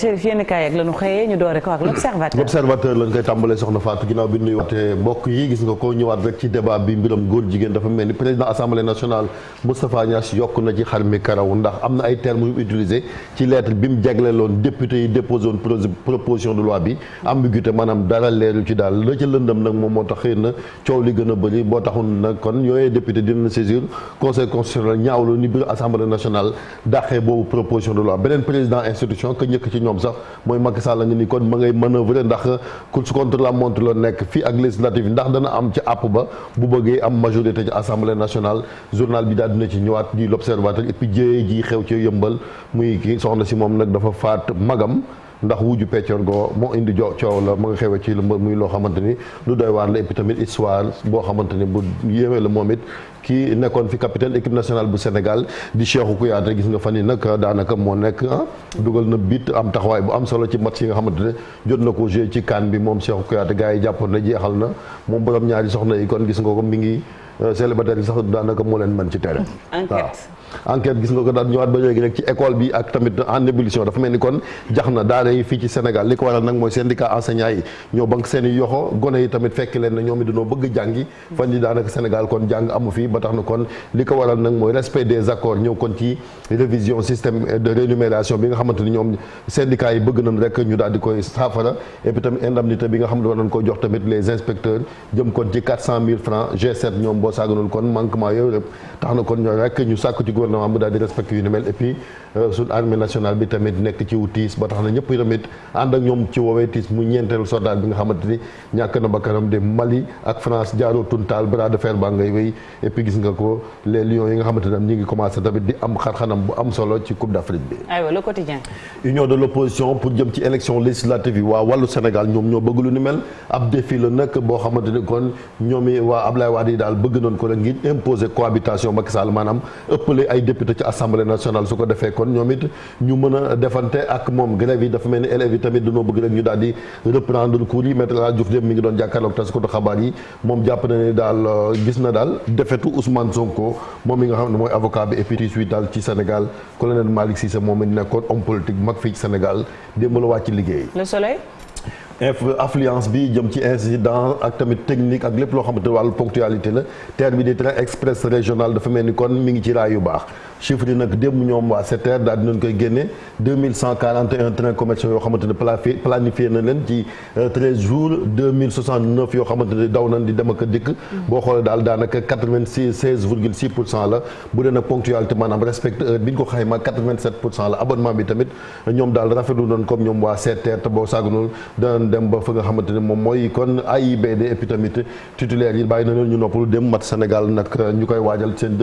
Chérif yenn kaay ak la ñu xëyee ñu doore ko ak l'observateur l'observateur lañ koy tàmbalee soxna Fatou ginnaaw bi nuy waxte mbokk yi gis nga ko ñëwaat rek ci débat bi mbiram góor jigéen dafa mel ni président assemblée nationale Moustapha Niass yokk na ci xar mi karaw ndax am na ay termes yu utilisé ci lettre bi mu jagleeloon député yi déposé woon proposition de loi bi ambiguïté maanaam dara leeru ci daal la ca lëndëm nag moom moo tax xëy na coow li gën a bëri boo taxul nag kon yooyee député dina saisir conseil constitutionnel ñaawlu ni biir assemblée nationale dàqee boobu proposition de loi beneen président institution que ñëkk ci ñoom sax mooy Macky Sall la nga ni kon ma ngay manœuvrer ndax course contre la montre la nekk fii ak législative ndax dana am ci àpp ba bu bëggee am majorité ci assemblée nationale journal bi daal dina ci ñëwaat di l'observateur et puis jéye xew ci yëmbal muy kii soxna si moom nag dafa faat magam ndax wuju peccoor goo moo indi jo coow la mu nga ci la muy loo xamante ni lu doy waar la et puis histoire boo xamante ni bu yéeme la moom it kii nekkoon fi capitaine équipe nationale bu Sénégal di Cheikhou Kouyaté gis nga fan yi nag daanaka moo nekk ah, dugal na bit am taxawaay bu am solo ci match yi nga xamante ne jot na ko joué ci CAN bi moom Cheikhou Kouyaté gars yi jàppoon na jeexal na moom borom ñaari soxna yi kon gis nga ko mi ngi Euh, célibataire yi sax daanaka moo leen mën ci terrain. enquête gis nga ko daal ñëwaat ba léegi rek ci école bi ak tamit en ébullition dafa mel ni kon jax na fii ci Sénégal li ko waral nag mooy syndicat enseignant yi ñoo bank seen i yoxo gone yi tamit fekk leen daanaka Sénégal kon jàng amu fi ba tax na kon li ko waral nag mooy respect des accords ñëw kon ci révision système de rémunération bi nga xamante ni ñoom syndicat yi bëgg nañ rek ñu daal di koy saafara et puis tamit indemnité bi nga xam ne jox tamit les inspecteurs jëm kon ci 400 francs g moo saaganul kon manquement yooyu rek tax na kon ñoo rek ñu sàkku ci gouvernement bu daal di respecté yu ni mel et puis euh, suñu nationale bi tamit nekk ci wu tiis ba tax na ñëpp tamit ànd ak ñoom ci woowee tiis mu ñeenteelu soldat bi nga xamante ñàkk na bakkanam de Mali ak France jaaroo tuntaal bras de fer baa ngay wéy et gis nga ko les lions yi nga xamante ne ñu ngi commencé tamit di am xarxanam bu am solo ci Coupe d'Afrique bi. union de l'opposition bëgg noon ko nag ngeen imposer cohabitation ko defee dafa mel ni élèves yi tamit daal di reprendre cours yi maître la Diouf dem mi ngi doon jàkkaarloog taskatu xabaar yi moom jàpp na ne daal euh, gis na daal defetu Ousmane Sonko moom mi nga xam ne mooy avocat bi et puis suite daal ci Sénégal colonel Malick Cissé moom it nekkoon homme politique mag fii ci Sénégal démb la wàcc liggéey. affluence bi jëm ci incident ak tamit technique ak lépp loo xamante wàllu ponctualité la terre bi di train express régional dafa mel ni kon mi ngi ci raay yu baax chiffre yi nag démb ñoom waa SETER daal dinañ koy génne 2141 trains commerciaux yoo xamante ne planifié na leen ci 13 euh, jours yoo xamante daw nañ di dem ak dikk. boo xoolee daal daanaka 96 la bu dee nag ponctualité maanaam respecte euh, bi ñu ko xayma la abonnement bi tamit ñoom daal rafetlu nañ comme ñoom waa SETER te boo saagunul danañ dem ba fa nga xamante moom mooy kon AIBD et puis tamit yi bàyyi na leen ñu noppalu dem mat Sénégal nag euh, ñu koy waajal seen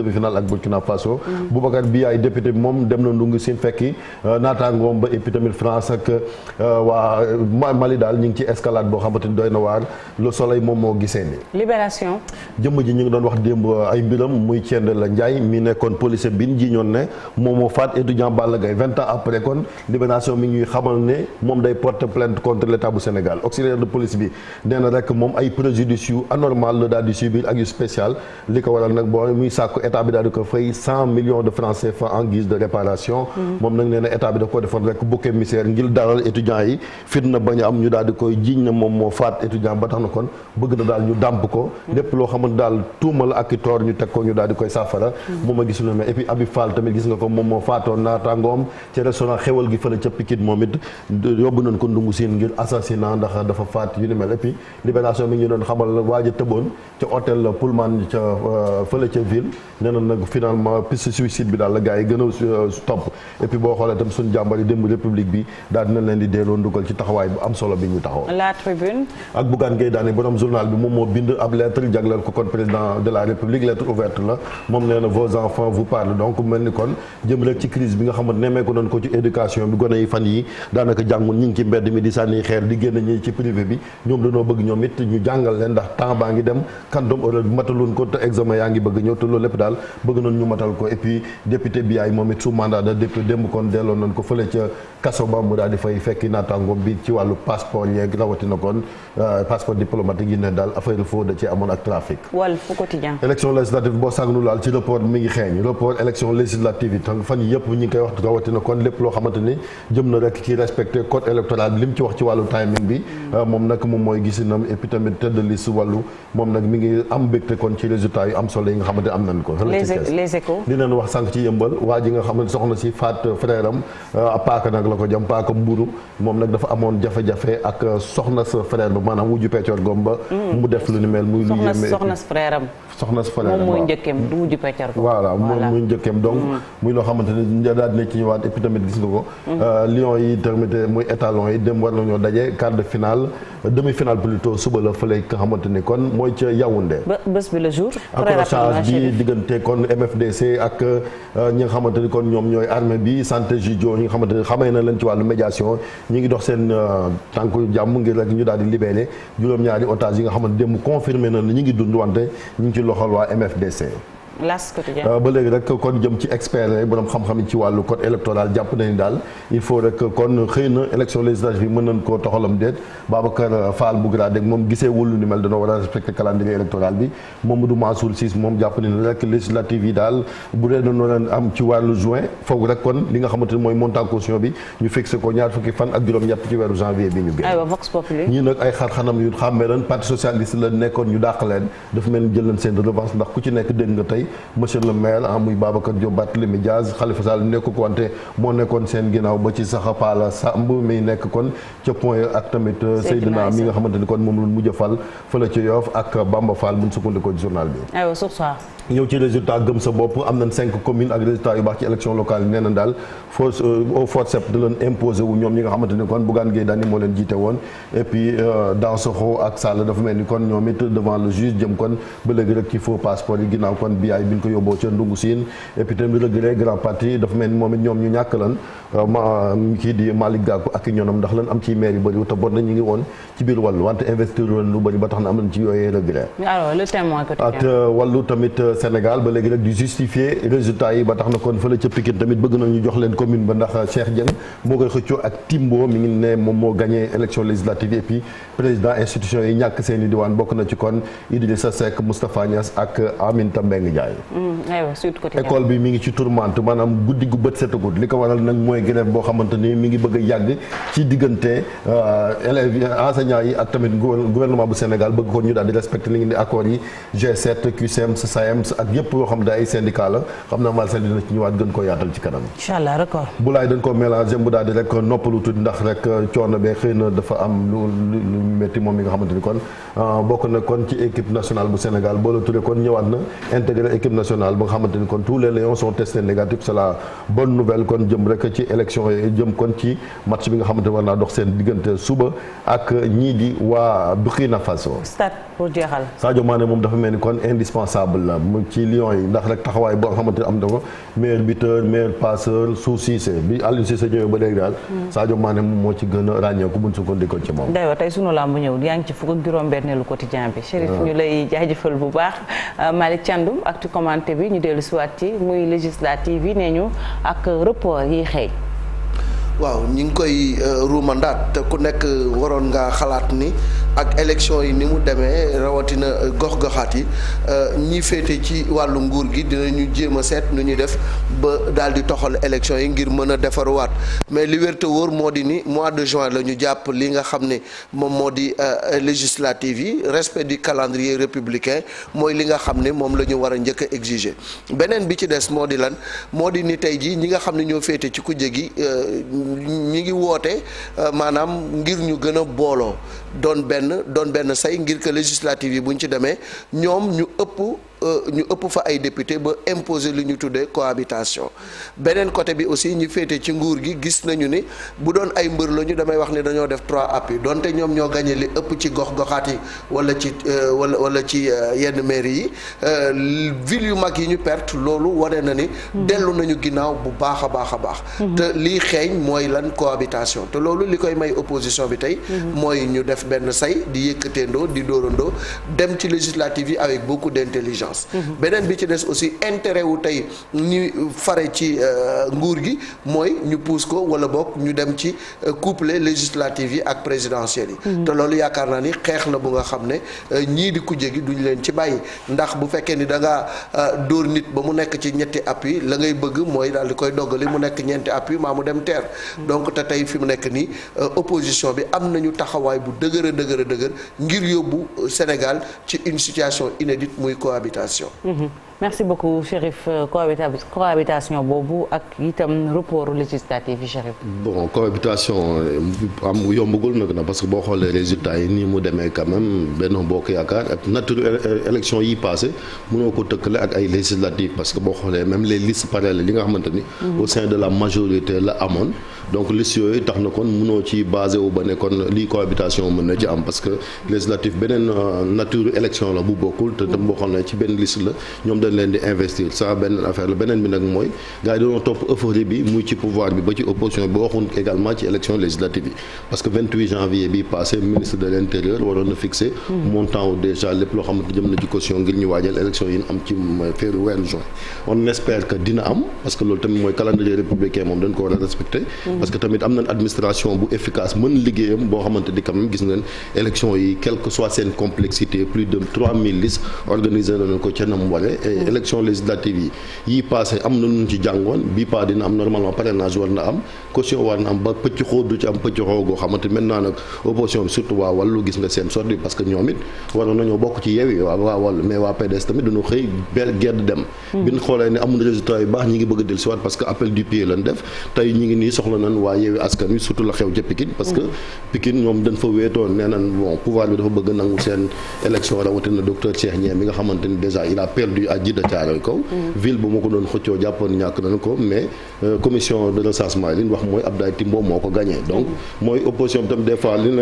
Boubacar bi ay député bi moom dem na ndungi sin fekki euh, naataangoom ba et puis tamit France ak euh, waa Mali daal ñu ngi ci escalade boo xamante ni euh, kon libération mi ñuy xamal ne moom day porter plainte contre l'état bu Sénégal auxiliaire de police bi nee na moom ay préjudice yu anormal daal di subir ak yu spécial li ko waral nag muy sàkku état bi daal di ko fay cent millions de francs CFA en guise de réparation moom nag nee état bi daf ko defoon rek bouc émissaire ngir dalal étudiants yi fitna bañ a am ñu daal koy jiiñ na moom moo faat étudiant ba tax na kon bëgg na daal ñu dàmp ko lépp loo xamante daal tuumal ak i toor ñu teg ko ñu daal di koy saafara moom a gis lu mais et puis Abi Fall tamit gis nga ko moom moo faatoon naataangoom ci restaurant xewal gi fële ca Pikine moom it yóbbu nañ ko ndungu siin ngir assassinat ndax a bi daal la gars yi gën euh, topp et boo xoolee itam jàmbari démb république bi daal dina leen di delloo ndugal ci taxawaay bu am solo bi ñu taxaw bi moom moo bind ab lettre jagleel ko kon président de la république lettre ouverte la moom nee vos enfants vous parlent donc mel ni kon jëm rek ci crise bi nga xamante nemee ko doon ko ci éducation bi gone yi fan yi daanaka jàngun ñi ngi mbedd mi di sànni xeer di génn ñi ci privé bi ñoom dañoo bëgg député bi ay moom it su mandat de député démb kon delloo nañ ko fële ca kaso ba mu daal di fay fekki naataangoom ci wàllu passeport yeeg euh, euh, moom nag moom moom mi ngi am mbégte kon am solo yi nga xamante am nañ ko. les échos wax sànq ci yëmbal waa ji nga xam ne soxna si faat frère euh, paaka nag la ko jam paaka mburu moom nag dafa amoon jafe-jafe ak euh, soxna sa frère ba maanaam wujju peccoor gom ba mm. mu def lu ni mel muy lu yéeme soxna sa frère moom mooy njëkkeem donc mm. muy loo xamante ne daal dina ci ñëwaat et puis tamit gis nga ko mm. euh, lion yi tamit muy étalon yi dem war nañoo daje quart de finale demi final plutôt suba la fële nga xamante ni kon mooy ca Yaoundé. ba bés bi le jour. accrochage bi diggante kon MFDC ak euh, ñi nga xamante ni kon ñoom ñooy armée bi santé judo ñi nga xamante ni xamee na leen ci wàllu médiation ñi ngi dox seen euh, tànku jàmm ngi rek ñu daal di juróom-ñaari otages yi nga xamante démb confirmé na ni ñu ngi dund wante ñu ngi ci loxol waa MFDC. las quotidien euh, ba léegi rek kon jëm ci expert yi borom xam-xam ci wàllu code électoral jàpp nañu daal il faut rek kon xëy na élection législative yi mën nañ koo toxalam déet Babacar Fall Bougra dégg moom gisee wul ni mel dañoo war a respecté calendrier électoral bi Mamadou Mansour Ciss moom jàpp nañu rek législative yi daal bu dee doon am ci wàllu juin foog rek kon li nga xamante mooy montant bi ñu fixé ko ñaar fukki fan ak juróom-ñett ci weeru janvier nekk dégg nga monsieur le maire ah muy Babacar Diop Barthélémy Dias Khalifa Sall nekk ko wante moo nekkoon seen ginnaaw ba ci Saxapala Samb mi nekk kon ca point ak tamit euh, Seydina mi nga xamante ni kon moom la mujj a fal fële ca Yoff ak Bamba Fall bu ñu sukkandikoo journal bi. ñëw ci résultat gëm sa bopp am na cinq communes ak résultat yu baax ci élection locale yi daal force euh, au forceps da leen imposé wu ñoom ñi nga xamante ni kon Bougane Gueye Dany moo leen jiite woon et puis euh, Dansokho ak Sall dafa mel ni kon ñoom it devant le juge jëm kon ba léegi rek ci faux passeport yi ginnaaw kon biyaay bi ñu ko yóbboo ca Ndungu Siin et puis regret grand parti dafa mel ni moom ñoom ñu ñàkk lan euh, ma kii di Malick Gakou ak ñoom ndax lan am ci maire yu bëri te bon na ñu ngi woon ci biir wàllu wante investir lu bëri ba tax na am nañ ci yooyee regret. alors le témoin ak euh, tamit euh, Sénégal ba léegi rek di justifier résultat yi ba tax na kon fële ca Pikine tamit bëgg nañu jox leen commune ba ndax euh, Cheikh Dieng moo koy xëccoo ak Timbo mi ngi ne moom moo gagné élection législative président institution yi ñàkk seen i diwaan bokk na ci kon Idrissa Seck Moustapha Niass ak Aminata Mbengue Ndiaye. Mm, aywa bi mi ngi ci tourmente maanaam guddi gu bët setagul li mi ngi bëgg a enseignants yi ak tamit gouvernement bu Sénégal bëgg ko ñu daal di respecté li ngi di accords yi G7 QCMS SAEMS ak yëpp yoo xam ne ay syndicat la mu daal rek noppalu tuuti ndax rek coono bee xëy na dafa am lu lu moom mi nga xamante ni kon ah, bokk na kon ci équipe nationale bu Sénégal boola Touré kon ñëwaat na intégré équipe nationale ba nga xamante ni kon tous les lions sont testés négatifs c'est la bonne nouvelle kon jëm rek ci élection yi jëm kon ci match bi nga xamante ni war naa dox seen diggante suba ak ñii di waa Burkina Faso. stade pour jeexal. Sadio Mané moom dafa mel ni kon indispensable la mu ci Lions yi ndax rek taxawaay boo xamante ne am na ko meilleur buteur meilleur passeur su Cissé bi Aliou Cissé ñëwee ba léegi daal. Mm. Sadio Mané moom moo ci gën a ràññeeku bu ñu sukkandikoon ci moom. d'ailleurs tey sunu làmb ñëw yaa ngi ci fukk ak juróom-benneelu quotidien bi. Chérif ah. ñu lay jaajëfal bu baax euh, Malick Thiandoum ak ci bi ñu dellu si waat ci muy législative waaw ñi ngi koy euh, ruumandaat te ku nekk waroon nga xalaat ni ak élection yi ni mu demee rawatina euh, gox-goxaat yi euh, ñi féete ci wàllu nguur gi dinañu jéem a seet nu ñuy def ba daal di toxal élection yi ngir mën a defaruwaat mais li wér moo di ni mois de juin la ñu jàpp li nga xam ne moom moo di euh, législative yi respect di calendrier républicain mooy li nga xam ne moom la ñu war a njëkk a beneen bi ci des moo di lan moo di ni tey jii ñi nga xam ne ñoo féete ci kujje gi ñi ngi woote maanaam ngir ñu gën a booloo doon benn doon benn say ngir que législative yi bu ñu ci demee ñoom ñu ëpp Euh, ñu ëpp fa ay député ba imposer li ñu tuddee cohabitation beneen côté bi aussi ñu féete ci nguur gi gis nañu ni bu doon ay mbër la ñu damay wax ni dañoo def trois appuis donte ñoom ñoo gañee li ëpp ci gox-goxaat yi wala ci euh, wala wala ci euh, yenn mairie yi ville yu mag yi ñu perte loolu wane na ni. Mhm. dellu nañu ginnaaw bu baax a baax a baax. Mhm. te lii xeeñ mooy lan cohabitation te loolu li koy may opposition bi tey. Mhm. mooy ñu def benn say di yëkkateendoo di dóorandoo dem ci législative yi avec beaucoup d'intelligence conscience. beneen bi ci des aussi intérêt wu tey ñu fare ci euh, nguur gi mooy ñu pousse ko wala bokk ñu dem ci euh, couple législative yi ak présidentielles yi. Mm-hmm. te loolu yaakaar naa ni xeex la bu nga xam ne euh, ñii di kujje gi duñu leen ci bàyyi ndax bu fekkee ni da ngaa dóor nit ba mu nekk ci ñetti appui la ngay bëgg mooy daal di koy doggali mu nekk ñeenti appui maa mu dem teer. Mm-hmm. donc te tey fi mu nekk nii opposition bi am nañu taxawaay bu dëgër a dëgër a dëgër ngir yóbbu Sénégal ci une situation inédite muy cohabitation. réhabilitation. merci beaucoup Chérif euh, cohabitation boobu ak itam report législatif yi Chérif. bon cohabitation euh, am yombagul na parce que boo xoolee résultats yi nii mu demee quand même Benno Bokk Yaakaar ak nature euh, élection yi passé mënoo ko tëkkale ak ay législatives parce que boo xoolee même les listes parallèles li nga xamante ni. Mhm. au sein de la majorité la amoon. donc listes yooyu tax na kon mënoo ci basé wu ba ne kon lii cohabitation mën na ci am parce que législative beneen nature élection la bu bokkul te tam boo xam ci benn liste la dañ leen di investir ça beneen affaire la beneen bi nag mooy gars yi dañoo topp euphorie bi muy ci pouvoir bi ba ci opposition bi waxuñ également ci élection législative yi parce que janvier bi passé ministre de l' waroon na fixé hmm. montant déjà lépp loo xamante jëm na ci ngir ñu waajal élection yi am ci féeru weeru juin on espère que dina am parce que loolu tamit mooy calendrier républicain moom dañ ko war a hmm. parce que tamit am élection législative yi yii passé am na nun ci jàngoon bii pas dina am normalement parrainage war na am caution war na am ba pëcc xóot ci am pëcc xóot goo xamante maintenant nag opposition surtout waa wàllu gis nga seen sorti parce que ñoom it waroon nañoo bokk ci yeewi waa waa mais waa PDS tamit dañoo xëy gedd dem hmm. bi ñu xoolee ne amul résultat yu baax ñi ngi bëgg del si parce que appel du pied lañ def tey ñi ngi nii soxla nañ waa yeewi askan ji kaw ville bu ma ko doon xëccoo jàppoon ñàkk nañu ko mais euh, commission de recensement li ñu wax mooy Abdoulaye Timbo moo ko gagné donc mooy opposition bi tam des fois li mm-hmm.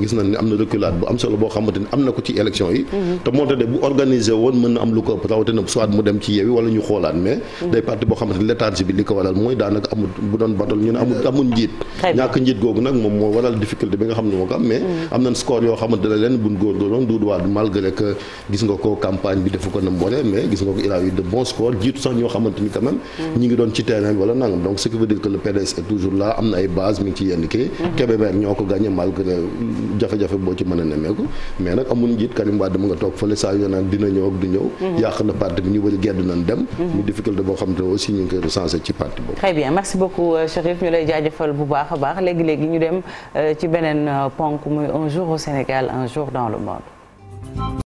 gis nañ ne am na reculade bu am solo boo xamante am na ko ci élection yi mm-hmm. te moo tax de bu organisé woon mën na am lu ko rawatina soit mu dem ci yeewi wala ñu xoolaat mais mm-hmm. day parti boo xamante ni bi li ko waral mooy daanaka amul bu doon batol ñu ne googu nag moom moo waral difficulté bi nga xam ne moo ko am mais mm. am nañ score yoo xamante ne leen buñ góorgóorloon Doudou Wade malgré que gis nga ko campagne bi defu ko na mbore mais gis nga ko il a de bons scores jiitu sax ñoo xamante ni quand mm. ñi ngi doon ci terrain bi wala donc ce qui veut dire que le PDS toujours là am na ay base mi ci yenn kii mm. Kébémer ñoo ko gagné malgré jafe-jafe boo ci mën a nemmeeku mais nag amul njiit Karim Wade mu nga toog fële mm-hmm. mm-hmm. euh, a léegi ñu dem euh, ci beneen euh, ponk muy un jour au Sénégal un jour dans le monde